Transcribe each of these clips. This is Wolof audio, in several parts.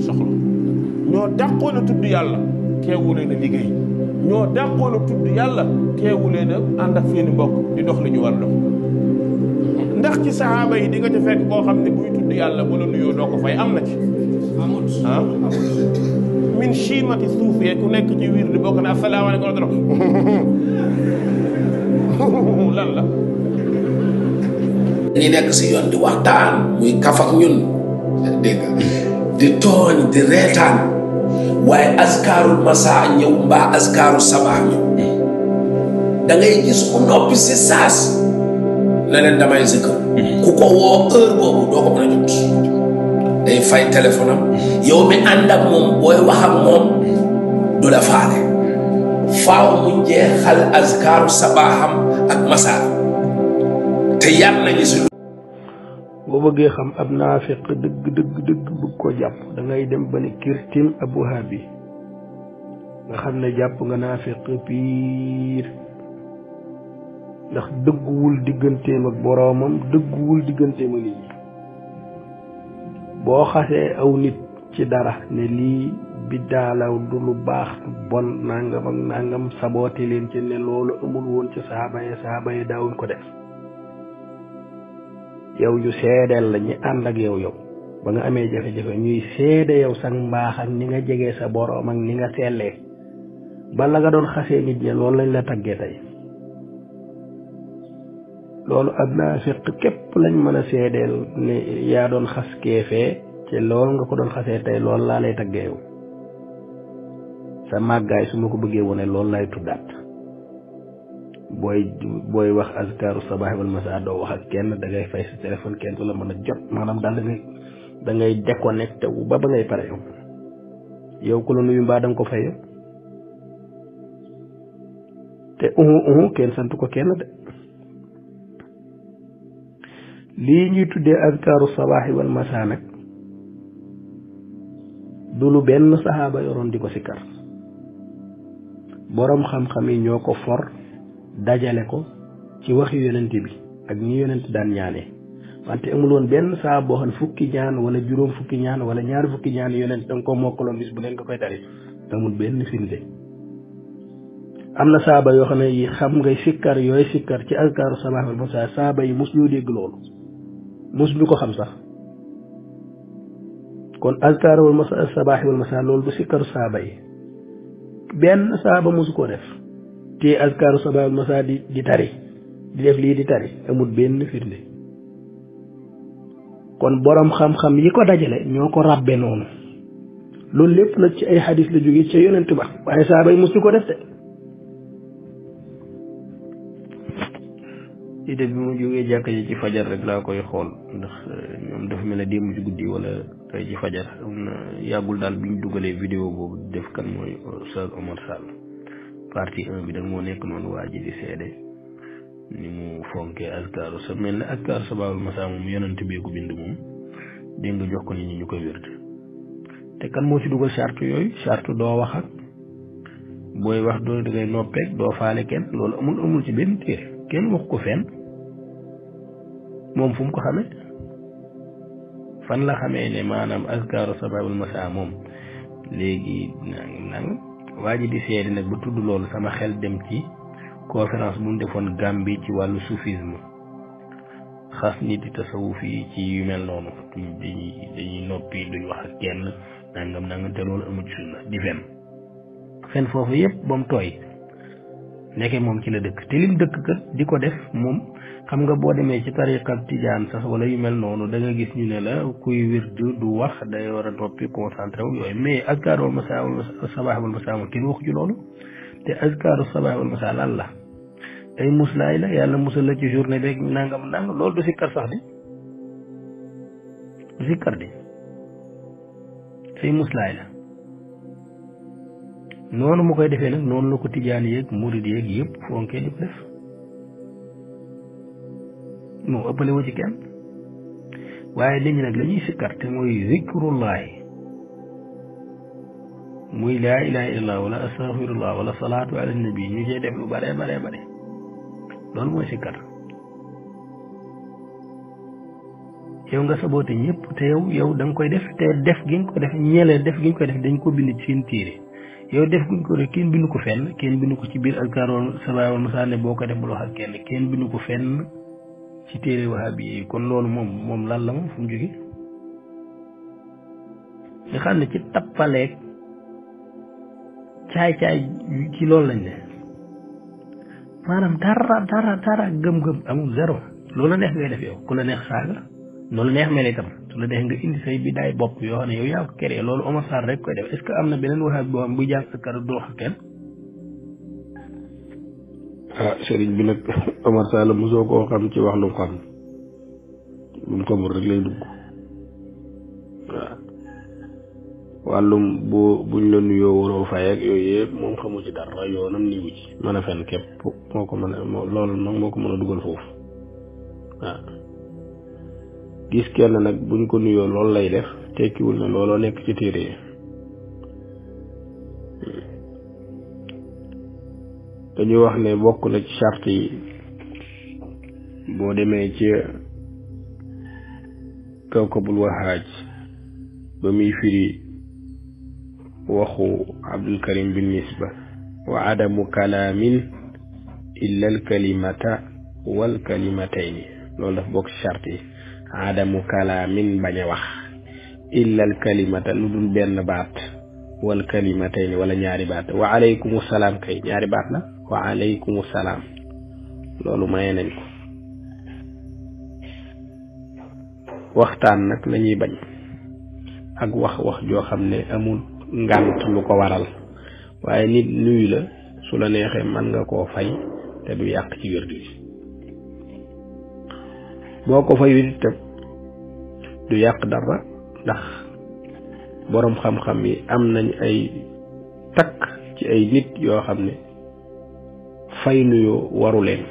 seen soxla ñoo dàqoon tudd yàlla teewu leen liggéey ñoo dàqoon tudd yàlla teewu leen ànd ak seen mbokk di dox li ñu war dox ndax ci saaba yi di nga ca fekk koo xam ne buy tudd yàlla bu la nuyoo doo ko fay am na ci ah? min chiimati suuf ku nekk ci wiir di bokk ne asalaamaaleykum wa rahmatulah lan la dañuy nekk si yoon di waxtaan muy kaf ak ñun dégg di tooñ di reetaan waaye askaarul masaa ñëw mbaa askaaru sabaa ñëw da gis ku noppi si saas ne damay zikar ku ko woo heure doo ko mën a jot day fay téléphone am yow mi ànd moom booy wax moom du la faale faaw mu jeexal askaaru sabaaxam ak masaa te yar nañu si boo bëggee xam ab naafiq dëgg dëgg dëgg ko jàpp dangay dem ba ne kirtim abu habi nga xam ne jàpp nga naafiq piir ndax dëgguwul digganteem ak boroomam dëgguwul digganteem ak nit boo xasee aw nit ci dara ne lii biddaa la lu baax bon nangam ak nangam sabooti leen ci ne loolu amul woon ci saaba yi saaba yi daawuñ ko def yow yu seedeel la ñi ànd ak yow yow ba nga amee jafe-jafe ñuy seede yow sang mbaax ak ni nga jegee sa borom ak ni nga sellee ba la nga doon xasee nit ñi loolu lañ la taggee tey loolu ab fiq képp lañ mën a seedeel ne yaa doon xas keefee te loolu nga ko doon xasee tey loolu laa lay taggee yow sa màggaay su ma ko bëggee wone loolu lay tuddaat booy booy wax azkaaru sabaax wal masaa doo wax ak kenn da ngay fay sa téléphone kenn du la mën a jot maanaam daal da ngay da ngay déconnecté ba ba ngay pare yow yow ku la nuyu mbaa da nga ko fay te uhu uhu kenn sant ko kenn de lii ñuy tuddee azkaaru sabaax wal masaa nag du lu benn saxaaba yoroon di ko sikkar boroom xam-xam yi ñoo ko for dajale ko ci waxi yonent bi ak ñi yonent daan ñaane wante amul woon benn saa boo xam ne fukki ñaan wala juróom fukki ñaan wala ñaari fukki ñaan yonent danga ko mokkaloon bis bu leen nga koy tari amul benn firnde am na saaba yoo xam ne yi xam ngay sikkar yooy sikkar ci askaaru sabaaxal mosaa saaba yi mos ñoo dégg loolu mos ñu ko xam sax kon askaaru wal masa sabaaxi wal masa loolu du sikkaru saaba yi benn saaba mosu koo def te askaaru sabaa masa di di tari di def li di tari amul ben firnde kon borom xam-xam yi ko dajale ñoko ràbbe non lool lépp nag ci ay hadith la jóge ci yonentou ba waye sa bay musu ko def té ci def bi mu jógee jàkk ji ci fajar rek la koy xol ndax ñom dafa mel ne démb ci guddi wala tay ci fajar yagul dal yàggul duggalé vidéo bobu def kan moy Oustaz Omar Sall partie 1 bi nag moo nekk noonu waa ji di seede ni mu fonkee askaaru sa mel ne askaaru sa baabul masaa moom bind moom dégg nga kan moo ci dugal charte yooyu charte doo wax wax doo dangay noppeek doo faale kenn amul amul ci benn téere ko fenn moom fu mu ko xamee fan la xamee ne maanaam askaaru sababul masaa moom léegi nangam waa ji di nag ba tudd loolu sama xel dem ci conférence bu ñu defoon Gambie ci wàllu soufisme xas nit di tasawuf ci yu mel noonu dañuy dañuy noppi duñ wax ak kenn nangam nangam te loolu amul ci sunna di fen fen foofu yépp ba mu tooy nekkee moom ci la dëkk te lim dëkk kat di ko def moom xam nga boo demee ci tariqa tijaan sax wala yu mel noonu da gis ñu ne la kuy wird du wax day war a toppi concentré wu yooyu mais askar wal masa sabaax wal masa moom kenn waxu ci loolu te askaru sabaax wal masa lan la la yàlla musal la ci journée beeg nangam nangam loolu du sikkar sax di du sikkar di ay muslaay la noonu mu koy defee nag noonu la ko tijaan yeeg murid yeeg yëpp fonkee di ko def moo ëppale woo kenn waaye léegi nag la ñuy sikkar te mooy zikrullahi muy laa ilaha illallah wala astaghfirullah wala salaatu ala nabi ñu cee def lu bare bare bare loolu mooy sikkar yow nga saboote ñëpp te yow yow da koy def te def gi nga ko def ñelee def gi nga koy def dañ ko bind ci seen téere yow def kuñ ko rek kenn bindu ko fenn kenn bindu ko ci biir azkaar wal sabaay wal masaa boo ko def bul wax ak kenn kenn bindu ko fen ci téere wahabi yi kon loolu moom moom lan la moom fu mu jóge nga xam ne ci tappaleeg caay-caay ci loolu lañ ne maanaam dara dara dara gëm-gëm amul zéro loolu la neex ngay def yow ku la neex saaga loolu neex mel itam su la dee nga indi say bidaay bopp yoo xam ne yow yaa ko créé loolu Omar Sarr rek koy def est-ce que am na beneen waxaat boo xam bu jàng sa doo ah, xam kenn. ci wax lu mu xam lu rek lay dugg waaw wàllum boo buñ la nuyoo waroo fay ak yooyu yëpp moom xamu ci dara yoonam niwu ci mën a fen képp moo ko mën a loolu moo ko mën a dugal foofu waaw. gis kenn nag bu ñu ko nuyoo loolu lay def tekkiwul na looloo nekk ci téere yi dañuy wax ne bokk la ci charte yi boo demee ci kawkabul wahaaj ba muy firi waxu abdul karim bin nisba wa adamu kalaamin illa al kalimata wal kalimatayn loolu daf bokk ci charte yi adamu kalaamin bañ a wax illal kalimata lu dul benn baat wal kalimatayni wala ñaari baat wa aleykumu salaam kay ñaari baat la wa aleykumu salaam loolu maye nañ ko waxtaan nag lañuy bañ ak wax wax joo xam ne amul ngànt lu ko waral waaye nit nuyu la su la neexee mën nga koo fay te du yàq ci wérdu bi boo ko fay wit itam du yàq dara ndax boroom xam-xam yi am nañ ay takk ci ay nit yoo xam ne fay nuyoo waru leen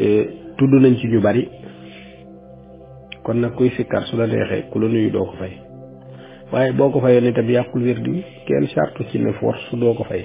e, tudd nañ ci ñu bari kon nag kuy sikkar su la neexee ku la nuyu doo ko fay waaye boo ko fayoon itam yàqul wér di kenn sartu ci ne force doo ko fay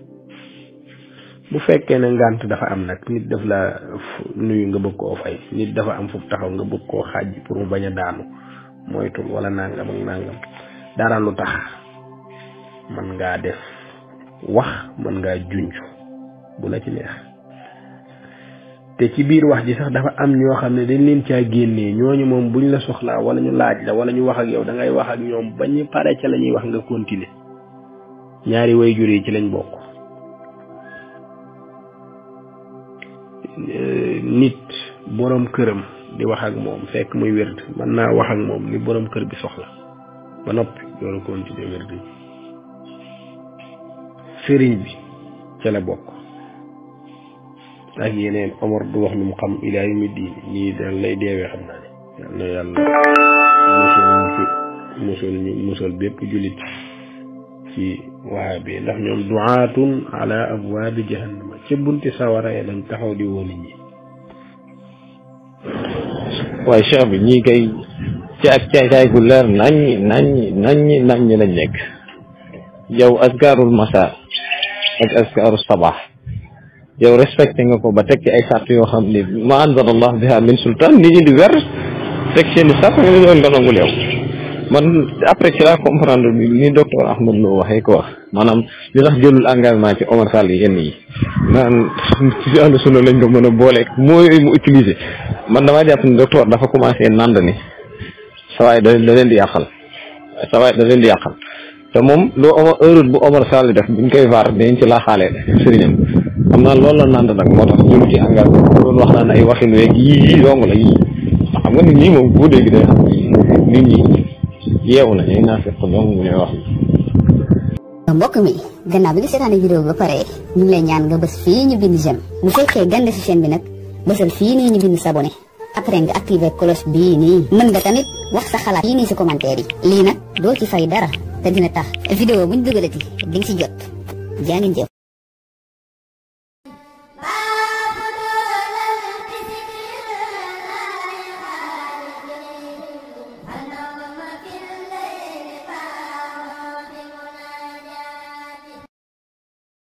bu fekkee ne ngant dafa am nag nit daf la nuyu nga bëgg koo fay nit dafa am fu taxaw nga bëgg koo xaaj pour mu bañ a daanu moytul wala nangam ak nangam dara lu tax man ngaa def wax man ngaa junj bu la ci neex te ci biir wax ji sax dafa am ñoo xam ne dañ leen caa génnee ñooñu moom buñ la soxlaa wala ñu laaj la wala ñu wax ak yow da ngay wax ak ñoom pare ca la ñuy wax nga continuer ñaari way ci lañ bokk Eh, nit boroom këram di wax ak moom fekk muy wérd mën naa wax ak moom li boroom kër bi soxla ba noppi loolu continuer wérd bi bi ca bokk ak yeneen Omar du wax lu mu xam ilaa yu mu diin nii daal lay deewee xam naa ne yàlla yàlla musul ñu musul bépp jullit ci wahabi ndax ñoom duaatun ala abwaabi jahannam ca bunti sawara ya lañ taxaw di woo nit ñi waaye cheikh bi ñii kay ci ak caay caay gu leer nañ nañ nañ nañ lañ nekk yow askaarul masa ak askaaru sabax yow respecté nga ko ba teg ci ay sart yoo xam ne ma anzal allah biha min sultaan nit ñi di wer teg seen i sart nga doon nga nangul yow man après ci laa comprendre bi ni docteur Ahmed Lo waxee ko wax maanaam li tax jëlul engagement ci Omar Sall yenn yi naan ci àll lañ ko mën a booleeg moo yooyu mu utiliser man damaa jàpp ni docteur dafa commencé nand ni sawaay da da di yàqal sawaay da leen di yàqal te moom loo Omar heure bu def buñ koy vaar dañ ci laaxaale sëriñam xam naa loolu la nand nag moo tax jëlu ci engagement doon wax naan ay waxin weeg yii xam nga nit ñi moom boo dégg day xam nit ñi yeewu na yéen naa fekk ñoom mu ne wax mbokk mi gannaaw bi nga e vidéo ba pare ñu ngi lay ñaan nga bës fii ñu bind j'aime bu fekkee gande si chaîne bi nag bësal fii nii ñu bind s'abonner après nga activer cloche bii nii mën nga tamit wax sa xalaat fii nii si commentaire yi lii nag doo ci fay dara te dina tax vidéo buñ dugalati di nga si jot jaa ngeen jëf